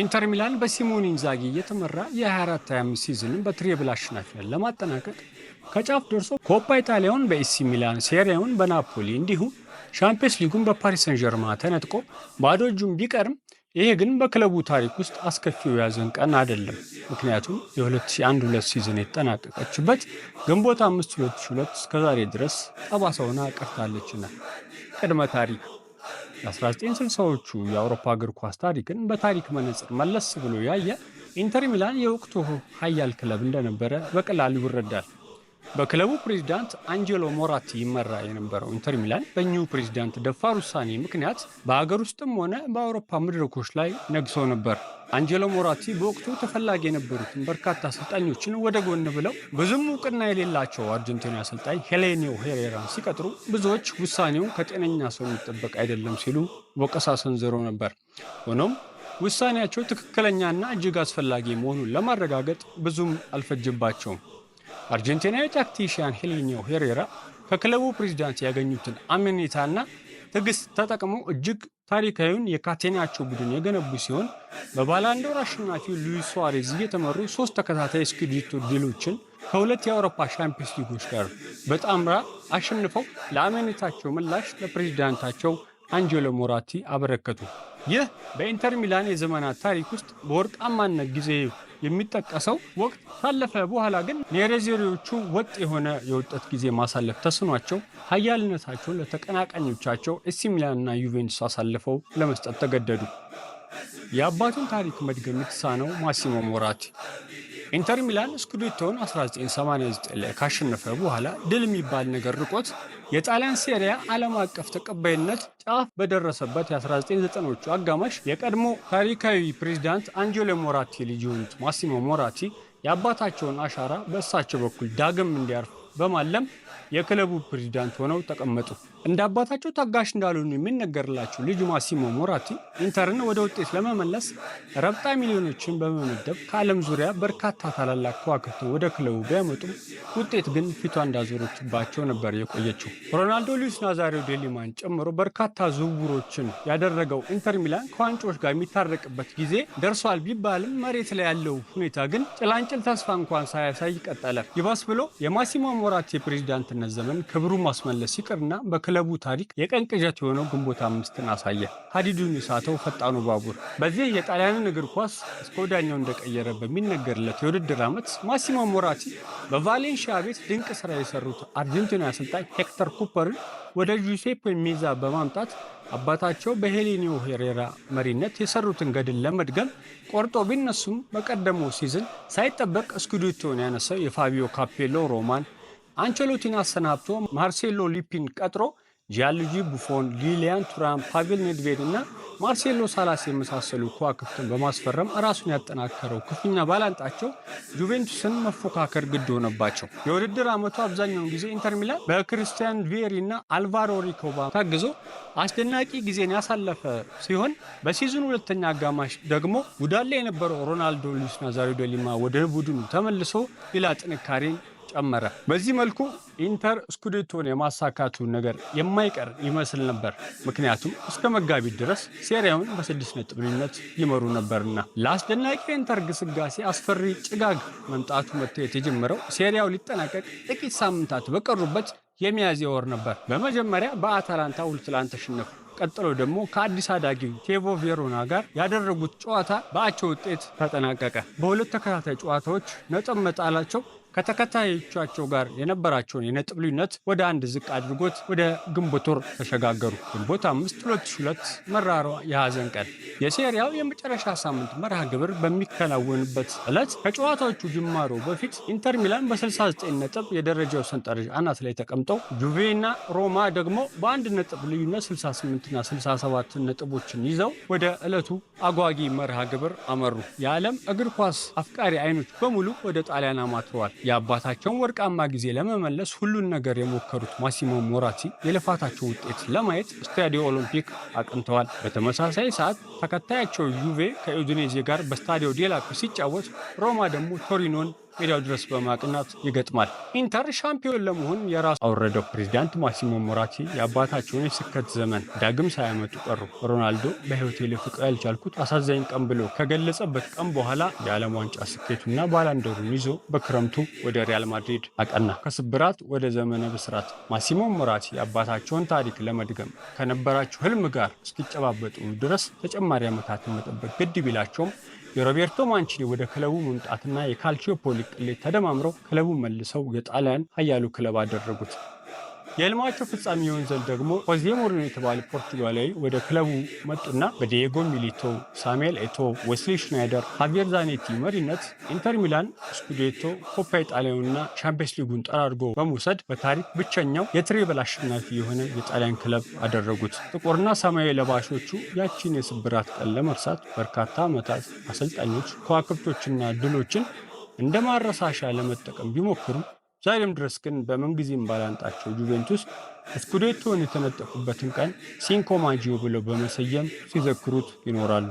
ኢንተር ሚላን በሲሞን ኢንዛጊ እየተመራ የ24/25 ሲዝንን በትሪብል አሸናፊነት ለማጠናቀቅ ከጫፍ ደርሶ ኮፓ ኢታሊያውን በኤሲ ሚላን፣ ሴሪያውን በናፖሊ እንዲሁም ሻምፒየንስ ሊጉን በፓሪስ ሰን ጀርማ ተነጥቆ ባዶ እጁን ቢቀርም ይሄ ግን በክለቡ ታሪክ ውስጥ አስከፊው የያዘን ቀን አይደለም። ምክንያቱም የ2001/2 ሲዝን የተጠናቀቀችበት ግንቦት 5/2002 እስከዛሬ ድረስ ጠባሳውን አቀርታለችና ቅድመ ታሪክ የ1960ዎቹ የአውሮፓ እግር ኳስ ታሪክን በታሪክ መነጽር መለስ ብሎ ያየ ኢንተር ሚላን የወቅቱ ሀያል ክለብ እንደነበረ በቀላሉ ይረዳል። በክለቡ ፕሬዚዳንት አንጀሎ ሞራቲ ይመራ የነበረው ኢንተር ሚላን በእኚሁ ፕሬዚዳንት ደፋር ውሳኔ ምክንያት በአገር ውስጥም ሆነ በአውሮፓ መድረኮች ላይ ነግሶ ነበር። አንጀሎ ሞራቲ በወቅቱ ተፈላጊ የነበሩትን በርካታ አሰልጣኞችን ወደ ጎን ብለው ብዙም እውቅና የሌላቸው አርጀንቲና አሰልጣኝ ሄሌኒዮ ሄሬራን ሲቀጥሩ ብዙዎች ውሳኔው ከጤነኛ ሰው የሚጠበቅ አይደለም ሲሉ ወቀሳ ሰንዝረው ነበር። ሆኖም ውሳኔያቸው ትክክለኛና እጅግ አስፈላጊ መሆኑን ለማረጋገጥ ብዙም አልፈጀባቸውም። አርጀንቲናዊ ታክቲሽያን ሄሌኒዮ ሄሬራ ከክለቡ ፕሬዚዳንት ያገኙትን አመኔታና ትዕግስት ተጠቅመው እጅግ ታሪካዊውን የካቴናቾ ቡድን የገነቡ ሲሆን በባላንዶር አሸናፊው ሉዊስ ሱዋሬዝ እየተመሩ ሶስት ተከታታይ ስኩዴቶ ድሎችን ከሁለት የአውሮፓ ሻምፒዮንስ ሊጎች ጋር በጣምራ አሸንፈው ለአመኔታቸው ምላሽ ለፕሬዚዳንታቸው አንጀሎ ሞራቲ አበረከቱ። ይህ በኢንተር ሚላን የዘመናት ታሪክ ውስጥ በወርቃማነት ጊዜ የሚጠቀሰው ወቅት ካለፈ በኋላ ግን የኔሬዜሪዎቹ ወጥ የሆነ የወጣት ጊዜ ማሳለፍ ተስኗቸው ኃያልነታቸውን ለተቀናቃኞቻቸው ኤሲ ሚላንና ዩቬንቱስ አሳልፈው ለመስጠት ተገደዱ። የአባቱን ታሪክ መድገም የተሳነው ማሲሞ ሞራቲ ኢንተር ሚላን ስኩዴቶን 1989 ላይ ካሸነፈ በኋላ ድል የሚባል ነገር ርቆት የጣሊያን ሴሪያ ዓለም አቀፍ ተቀባይነት ጫፍ በደረሰበት የ1990ዎቹ አጋማሽ የቀድሞ ታሪካዊ ፕሬዚዳንት አንጀሎ ሞራቲ ልጅ የሆኑት ማሲሞ ሞራቲ የአባታቸውን አሻራ በእሳቸው በኩል ዳግም እንዲያርፍ በማለም የክለቡ ፕሬዚዳንት ሆነው ተቀመጡ። እንደ አባታቸው ታጋሽ እንዳልሆኑ የሚነገርላቸው ልጁ ማሲሞ ሞራቲ ኢንተርን ወደ ውጤት ለመመለስ ረብጣ ሚሊዮኖችን በመመደብ ከዓለም ዙሪያ በርካታ ታላላቅ ከዋክብትን ወደ ክለቡ ቢያመጡም ውጤት ግን ፊቷ እንዳዞረችባቸው ነበር የቆየችው። ሮናልዶ ሉዊስ ናዛሪዮ ዴሊማን ጨምሮ በርካታ ዝውውሮችን ያደረገው ኢንተር ሚላን ከዋንጫዎች ጋር የሚታረቅበት ጊዜ ደርሷል ቢባልም መሬት ላይ ያለው ሁኔታ ግን ጭላንጭል ተስፋ እንኳን ሳያሳይ ቀጠለ። ይባስ ብሎ የማሲሞ በሶስቱም ወራት የፕሬዚዳንትነት ዘመን ክብሩን ማስመለስ ሲቀርና በክለቡ ታሪክ የቀን ቅዠት የሆነው ግንቦት አምስትን አሳየ። ሀዲዱን የሳተው ፈጣኑ ባቡር በዚህ የጣሊያንን እግር ኳስ እስከ ወዳኛው እንደቀየረ በሚነገርለት የውድድር ዓመት ማሲሞ ሞራቲ በቫሌንሺያ ቤት ድንቅ ስራ የሰሩት አርጀንቲና አሰልጣኝ ሄክተር ኩፐርን ወደ ጁሴፕ ሚዛ በማምጣት አባታቸው በሄሌኒዮ ሄሬራ መሪነት የሰሩትን ገድል ለመድገም ቆርጦ ቢነሱም በቀደመው ሲዝን ሳይጠበቅ ስኩዴቶውን ያነሳው የፋቢዮ ካፔሎ ሮማን አንቸሎቲን አሰናብቶ ማርሴሎ ሊፒን ቀጥሮ ጂያንሉጂ ቡፎን፣ ሊሊያን ቱራም፣ ፓቬል ኔድቬድ እና ማርሴሎ ሳላስ የመሳሰሉ ከዋክብትን በማስፈረም ራሱን ያጠናከረው ክፉኛ ባላንጣቸው ጁቬንቱስን መፎካከር ግድ ሆነባቸው። የውድድር ዓመቱ አብዛኛውን ጊዜ ኢንተር ሚላን በክርስቲያን ቪየሪ እና አልቫሮ ሪኮባ ታግዞ አስደናቂ ጊዜን ያሳለፈ ሲሆን በሲዝኑ ሁለተኛ አጋማሽ ደግሞ ጉዳት ላይ የነበረው ሮናልዶ ሉዊስ ናዛሪዮ ሊማ ወደ ቡድኑ ተመልሶ ሌላ ጥንካሬን ጨመረ። በዚህ መልኩ ኢንተር ስኩዴቶን የማሳካቱ ነገር የማይቀር ይመስል ነበር። ምክንያቱም እስከ መጋቢት ድረስ ሴሪያውን በስድስት ነጥብ ልዩነት ይመሩ ነበርና። ለአስደናቂ የኢንተር ግስጋሴ አስፈሪ ጭጋግ መምጣቱ መታየት የጀመረው ሴሪያው ሊጠናቀቅ ጥቂት ሳምንታት በቀሩበት የሚያዝያ ወር ነበር። በመጀመሪያ በአታላንታ ሁለት ለአንድ ተሸነፉ። ቀጥሎ ደግሞ ከአዲስ አዳጊው ቴቮ ቬሮና ጋር ያደረጉት ጨዋታ በአቻ ውጤት ተጠናቀቀ። በሁለት ተከታታይ ጨዋታዎች ነጥብ መጣላቸው ከተከታዮቻቸው ጋር የነበራቸውን የነጥብ ልዩነት ወደ አንድ ዝቅ አድርጎት ወደ ግንቦት ወር ተሸጋገሩ። ግንቦት 5 2002 መራሯ የሐዘን ቀን የሴሪያው የመጨረሻ ሳምንት መርሃ ግብር በሚከናወንበት ዕለት ከጨዋታዎቹ ጅማሮ በፊት ኢንተር ሚላን በ69 ነጥብ የደረጃው ሰንጠረዥ አናት ላይ ተቀምጠው ጁቬና ሮማ ደግሞ በአንድ ነጥብ ልዩነት 68ና 67 ነጥቦችን ይዘው ወደ ዕለቱ አጓጊ መርሃ ግብር አመሩ። የዓለም እግር ኳስ አፍቃሪ አይኖች በሙሉ ወደ ጣሊያን አማትረዋል። የአባታቸውን ወርቃማ ጊዜ ለመመለስ ሁሉን ነገር የሞከሩት ማሲሞ ሞራቲ የልፋታቸው ውጤት ለማየት ስታዲዮ ኦሎምፒክ አቅንተዋል። በተመሳሳይ ሰዓት ተከታያቸው ዩቬ ከኡዲኔዜ ጋር በስታዲዮ ዴላፕ ሲጫወት ሮማ ደግሞ ቶሪኖን ሜዳው ድረስ በማቅናት ይገጥማል። ኢንተር ሻምፒዮን ለመሆን የራሱ አውረደው ፕሬዚዳንት ማሲሞ ሞራቲ የአባታቸውን የስከት ዘመን ዳግም ሳያመጡ ቀሩ። ሮናልዶ በህይወቴ ልፍቀው ያልቻልኩት አሳዛኝ ቀን ብሎ ከገለጸበት ቀን በኋላ የዓለም ዋንጫ ስኬቱና ባላንደሩን ይዞ በክረምቱ ወደ ሪያል ማድሪድ አቀና። ከስብራት ወደ ዘመነ ብስራት ማሲሞ ሞራቲ የአባታቸውን ታሪክ ለመድገም ከነበራቸው ህልም ጋር እስኪጨባበጡ ድረስ ተጨማሪ ዓመታትን መጠበቅ ግድ ቢላቸውም የሮቤርቶ ማንቺኒ ወደ ክለቡ መምጣትና የካልቺዮፖሊ ቅሌት ተደማምረው ክለቡን መልሰው የጣሊያን ኃያሉ ክለብ አደረጉት። የህልማቸው ፍጻሜ የሆን ዘንድ ደግሞ ሆዜ ሞሪኖ የተባለ ፖርቱጋላዊ ወደ ክለቡ መጡና በዲየጎ ሚሊቶ፣ ሳሙኤል ኤቶ፣ ዌስሊ ሽናይደር፣ ሃቪየር ዛኔቲ መሪነት ኢንተር ሚላን ስኩዴቶ፣ ኮፓ ኢጣሊያንና ቻምፒየንስ ሊጉን ጠራርጎ በመውሰድ በታሪክ ብቸኛው የትሬብል አሸናፊ የሆነ የጣሊያን ክለብ አደረጉት። ጥቁርና ሰማያዊ ለባሾቹ ያቺን የስብራት ቀን ለመርሳት በርካታ ዓመታት አሰልጣኞች ከዋክብቶችና ድሎችን እንደ ማረሳሻ ለመጠቀም ቢሞክሩም ዛሬም ድረስ ግን በምንጊዜም ባላንጣቸው ጁቬንቱስ ስኩዴቶን የተነጠቁበትን ቀን ሲንኮማጂዮ ብለው በመሰየም ሲዘክሩት ይኖራሉ።